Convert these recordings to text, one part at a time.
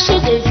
是界。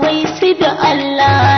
wai su da Allah